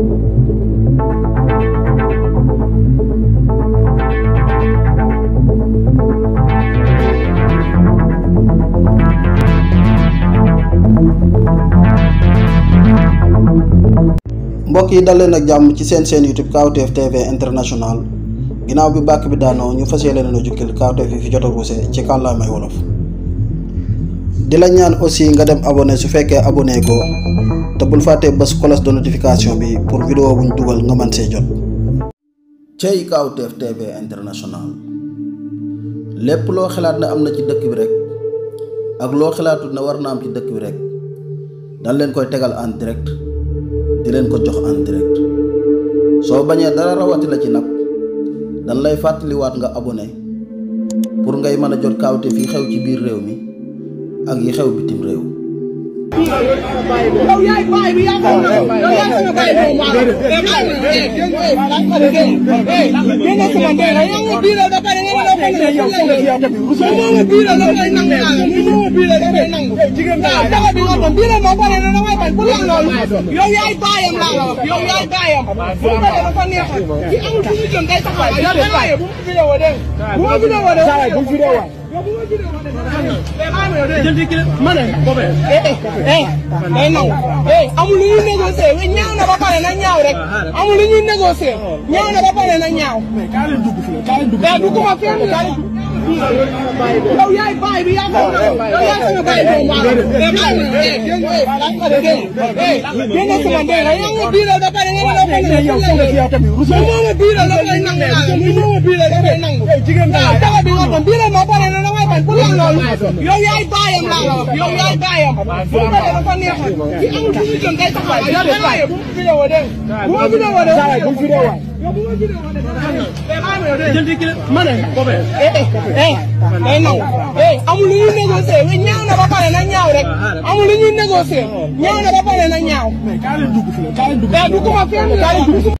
mbokk yi dal leen ak jàmm ci seen seen YouTube Kawtef TV international ginnaaw bi bàkk bi daanoo ñu fas yéene na jukkil Kawtef yi fi jot a ruuse ci kàllaamay wolof. di la ñaan aussi nga dem abonné su fekkee abonné ko te bul fàtte bés do notification bi pour vidéo buñ duggal nga man sé jot cey tf tv international lepp lo xalaat na amna na ci dëkk bi rek ak lo xalaatut na war na am ci dëkk bi rek dan leen koy tegal en direct di leen ko jox en direct so bañé dara rawati la ci nak dan lay wat nga abonné pour ngay mëna a jot kawteef yi xew ci biir réew mi ak yi xew bitim réew. yow yaay baay bi yaa ko moom yow yaa suñu baay bi moom waaw. génne sama ndey la yow ma biiral ba pare nga ne la ko ne yow moo ma biiral la koy nangu naa la moo ma biiral la koy nangu. waaw dama bi nga doon biiral moo pare ne damay bañ bu lan loolu. yow yaay baayam laa la wax yow yaay baayam. bu ko defee dafa neexal. ci amul fu ñu jëm day taxaw yow dana yee bu mu vidéo dégg bu ma vidéo dégg. ma ne boobee. day nangu amul lu ñuy négocier ñaaw na ba pare na ñaaw rek amul lu ñuy négocier ñaaw na ba pare na ñaaw. kaa leen dugg fii kaa leen dugg fii dugguma fenn kaa leen dugg. yow yaay baay bi yaa ko yow yaa suñu baay bi moom waaw. mais baay bi eh dégg nga eh lan nga dégg eh dégg nga sama ndey la yaa ma biiral ba pare nga ne la ko ne yow foog nga ci yow tamit. bu ma ma biiral da koy nangu daal bu ma ma biiral da koy nangu. waaw dara bi nga ko yow yaay bàyyam laa la wax yow yaay bàyyam bu ko defee dafa neexal ci amul fu ñu jëm day taxawaay yow da ngay bu ma vidéo de bu ma vidéo de bu ma vidéo yow bu ma vidéo de ma ne eh day eh, eh, eh, naw eh amul lu ñuy négocier ñaaw na ba pare na ñaaw rek amul lu ñuy négocier ñaaw na ba pare na ñaaw. mais kaay la dugg fii kaay la dugg fii